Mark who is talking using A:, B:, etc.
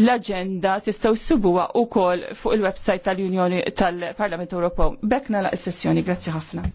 A: l-agenda tistaw subuwa u kol fuq il-websajt tal-Unjoni tal-Parlament Ewropew.
B: Bekna la' sessjoni, grazzi ħafna.